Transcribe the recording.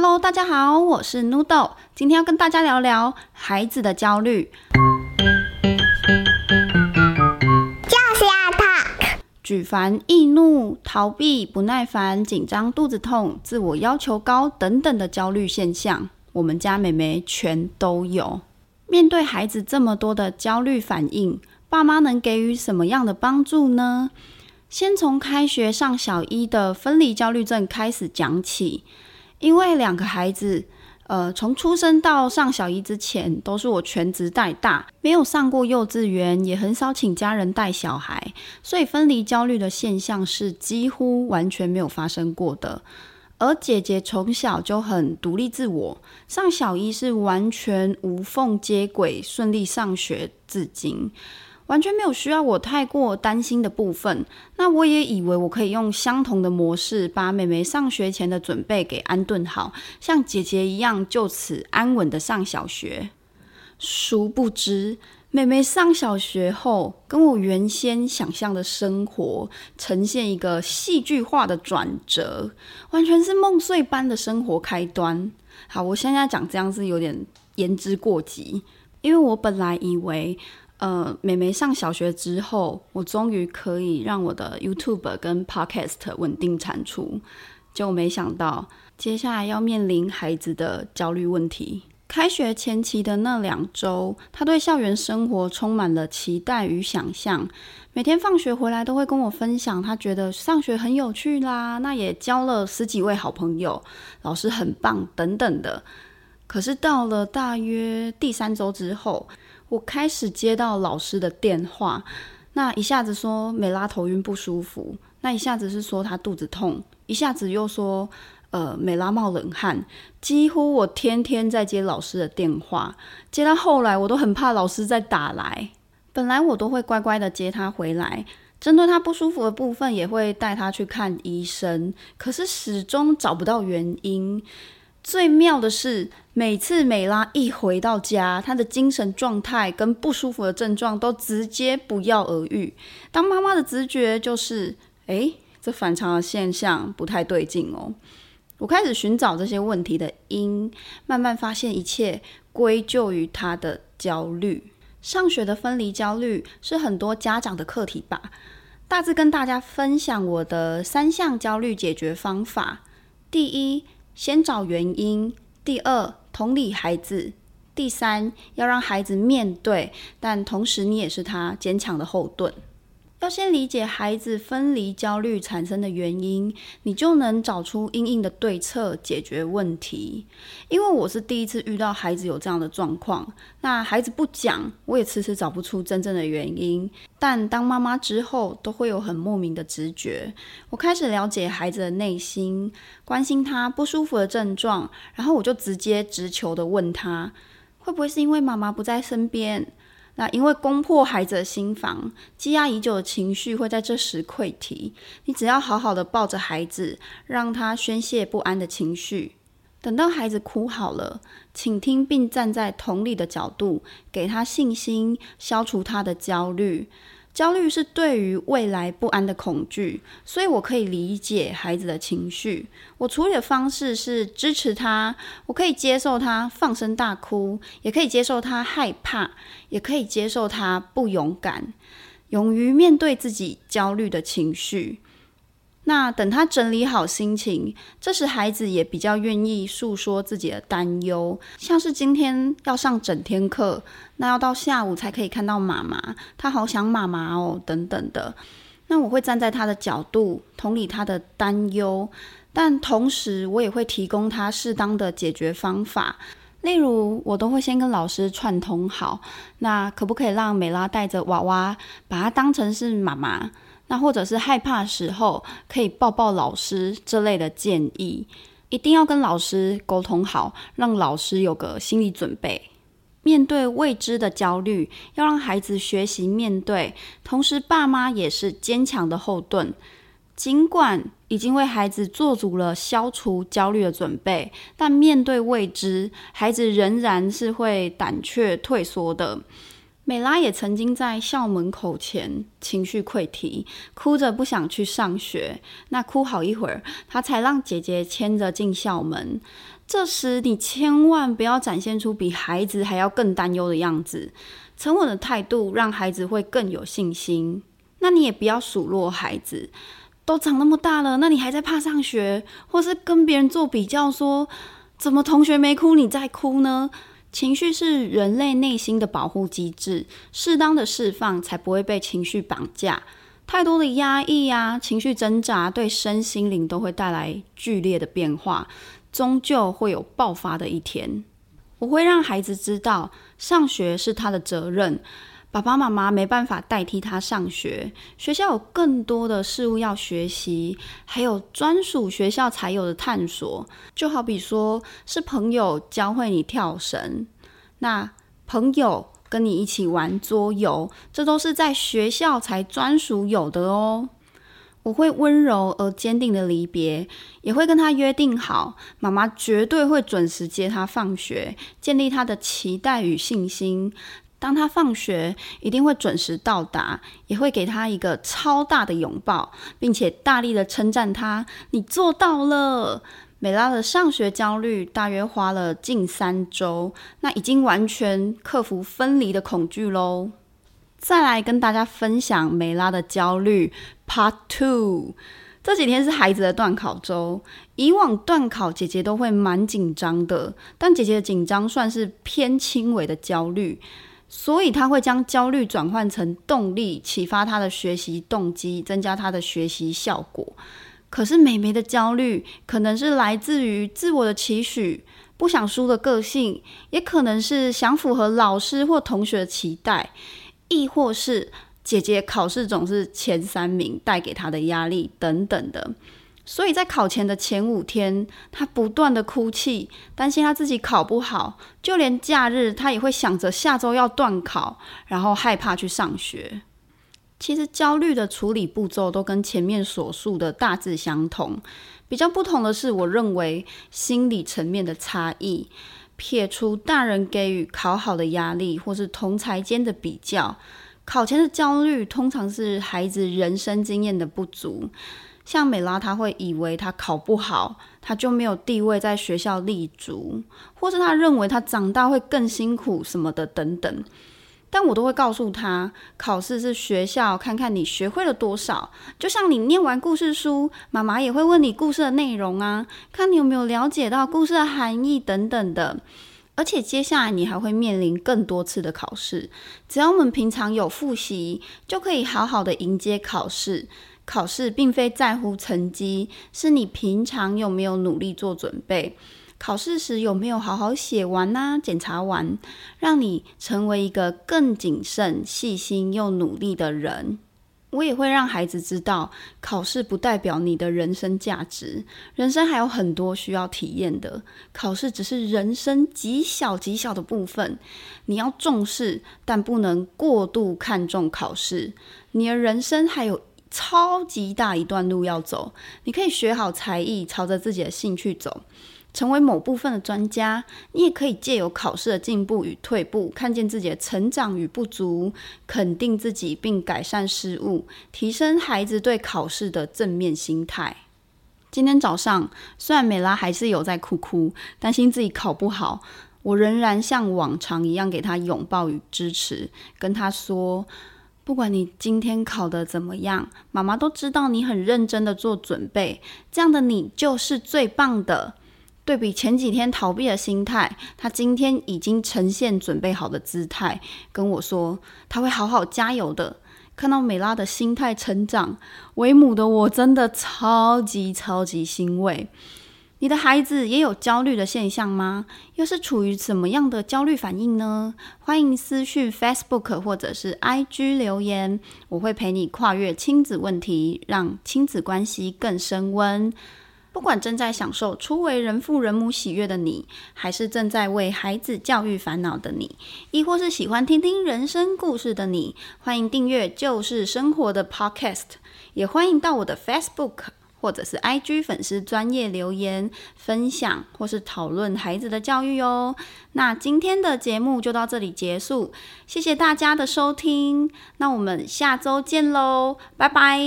Hello，大家好，我是 Noodle，今天要跟大家聊聊孩子的焦慮。就是要他舉凡易怒、逃避、不耐煩、緊張、肚子痛、自我要求高等等的焦慮現象，我們家妹妹全都有。面對孩子這麼多的焦慮反應，爸媽能給予什麼樣的幫助呢？先從開學上小一的分離焦慮症開始講起。因為兩個孩子，呃，從出生到上小一之前，都是我全職帶大，沒有上過幼稚園，也很少請家人帶小孩，所以分離焦慮的現象是幾乎完全沒有發生過的。而姐姐從小就很獨立自我，上小一是完全無縫接軌，順利上學至今。完全沒有需要我太過擔心的部分。那我也以為我可以用相同的模式把妹妹上學前的準備給安頓好，像姐姐一樣就此安穩地上小學。殊不知，妹妹上小學後，跟我原先想象的生活呈現一個戲劇化的轉折，完全是夢碎般的生活開端。好，我現在講這樣是有點言之過急，因為我本來以為。呃，妹妹上小學之後，我終於可以讓我的 YouTube 跟 Podcast 穩定產出，就沒想到接下來要面臨孩子的焦慮問題。開學前期的那兩周，他對校園生活充滿了期待與想象，每天放學回來都會跟我分享，他覺得上學很有趣啦，那也交了十幾位好朋友，老師很棒等等的。可是到了大約第三周之後，我開始接到老師的電話，那一下子說美拉頭暈不舒服，那一下子是說她肚子痛，一下子又說，呃，美拉冒冷汗，幾乎我天天在接老師的電話，接到後來我都很怕老師再打來，本來我都會乖乖的接她回來，針對她不舒服的部分也會帶她去看醫生，可是始終找不到原因。最妙的是，每次美拉一回到家，她的精神狀態跟不舒服的症狀都直接不藥而愈。當媽媽的直覺就是，誒，這反常的現象不太對勁哦。我開始尋找這些問題的因，慢慢發現一切歸咎於她的焦慮。上學的分離焦慮是很多家長的課題吧？大致跟大家分享我的三項焦慮解決方法。第一。先找原因，第二，同理孩子，第三，要讓孩子面對，但同時你也是他堅強的後盾。要先理解孩子分離焦慮產生的原因，你就能找出因應的對策，解決問題。因為我是第一次遇到孩子有這樣的狀況，那孩子不講，我也遲遲找不出真正的原因。但當媽媽之後，都會有很莫名的直覺。我開始了解孩子的內心，關心他不舒服的症狀，然後我就直接直球的問他，會不會是因為媽媽不在身邊？那因為攻破孩子的心防，積壓已久的情緒會在這時潰堤。你只要好好的抱着孩子，讓他宣洩不安的情緒。等到孩子哭好了，傾聽並站在同理的角度，給他信心，消除他的焦慮。焦慮是對於未來不安的恐懼，所以我可以理解孩子的情緒。我處理的方式是支持他，我可以接受他放聲大哭，也可以接受他害怕，也可以接受他不勇敢，勇於面對自己焦慮的情緒。那等他整理好心情，這時孩子也比較願意訴說自己的擔憂，像是今天要上整天課，那要到下午才可以看到媽媽，他好想媽媽哦，等等的。那我會站在他的角度，同理他的擔憂，但同時我也會提供他適當的解決方法，例如我都會先跟老師串通好，那可不可以讓美拉帶着娃娃，把他當成是媽媽。那或者是害怕的時候，可以抱抱老師這類的建議，一定要跟老師溝通好，讓老師有個心理準備。面對未知的焦慮，要讓孩子學習面對，同時爸媽也是堅強的後盾。盡管已經為孩子做足了消除焦慮的準備，但面對未知，孩子仍然是會膽怯退縮的。美拉也曾經在校門口前情緒潰堤，哭着不想去上學。那哭好一會兒，她才讓姐姐牽着進校門。這時，你千萬不要展現出比孩子還要更擔憂的樣子。沉穩的態度讓孩子會更有信心。那你也不要數落孩子，都長那麼大了，那你還在怕上學？或是跟別人做比較說，說怎麼同學沒哭，你在哭呢？情緒是人類內心的保護機制，適當的釋放才不會被情緒綁架。太多的壓抑啊，情緒掙扎，對身心靈都會帶來劇烈的變化，終究會有爆發的一天。我會讓孩子知道，上學是他的責任。爸爸媽媽沒辦法代替他上學，學校有更多的事物要學習，還有專屬學校才有的探索。就好比說是朋友教會你跳繩，那朋友跟你一起玩桌遊，這都是在學校才專屬有的哦。我會溫柔而堅定的離別，也會跟他約定好，媽媽絕對會準時接他放學，建立他的期待與信心。當他放學，一定會準時到達，也會給他一個超大的擁抱，並且大力的稱讚他：“你做到了！”美拉的上學焦慮大約花了近三周，那已經完全克服分離的恐懼咯。再來跟大家分享美拉的焦慮 Part Two。這幾天是孩子的斷考周，以往段考姐姐都會蠻緊張的，但姐姐的緊張算是偏輕微的焦慮。所以他會將焦慮轉換成動力，啟發他的學習動機，增加他的學習效果。可是美美的焦慮可能是來自於自我的期許，不想輸的個性，也可能是想符合老師或同學的期待，亦或是姐姐考試總是前三名帶給他的壓力等等的。所以在考前的前五天，他不斷地哭泣，擔心他自己考不好，就連假日他也會想着下週要段考，然後害怕去上學。其實焦慮的處理步驟都跟前面所述的大致相同，比較不同的是，我認為心理層面的差異撇除大人給予考好的壓力或是同儕間的比較，考前的焦慮通常是孩子人生經驗的不足。像美拉，他會以為他考不好，他就沒有地位在學校立足，或是他認為他長大會更辛苦什麼的等等。但我都會告訴他，考試是學校，看看你學會了多少，就像你念完故事書，媽媽也會問你故事的內容啊，看你有沒有了解到故事的含義等等的。而且接下來你還會面臨更多次的考試，只要我們平常有複習，就可以好好的迎接考試。考試並非在乎成績，是你平常有沒有努力做準備，考試時有沒有好好寫完吶、啊、檢查完，讓你成為一個更謹慎、細心又努力的人。我也會讓孩子知道，考試不代表你的人生價值，人生還有很多需要體驗的，考試只是人生極小極小的部分。你要重視，但不能過度看重考試。你的人生還有。超級大一段路要走，你可以學好才藝，朝着自己的興趣走，成為某部分的專家。你也可以借由考試的進步與退步，看見自己的成長與不足，肯定自己並改善失誤，提升孩子對考試的正面心態。今天早上，雖然美拉還是有在哭哭，擔心自己考不好，我仍然像往常一樣給她擁抱與支持，跟她說，不管你今天考得怎麼樣，媽媽都知道你很認真地做準備，這樣的你就是最棒的。對比前幾天逃避的心態，她今天已經呈現準備好的姿態，跟我說她會好好加油的。看到美拉的心態成長，為母的我真的超級超級欣慰。你的孩子也有焦慮的現象嗎？又是處於什麼樣的焦慮反應呢？歡迎私訊 Facebook 或者是 IG 留言，我會陪你跨越親子問題，讓親子關係更升溫。不管正在享受初為人父人母喜悅的你，還是正在為孩子教育煩惱的你，亦或是喜歡聽聽人生故事的你，歡迎訂閱《就是生活》的 Podcast，也歡迎到我的 Facebook。或者是 IG 粉絲專頁留言分享，或是討論孩子的教育哦。那今天的節目就到這裡結束，謝謝大家的收聽，那我們下週見嘍，拜拜。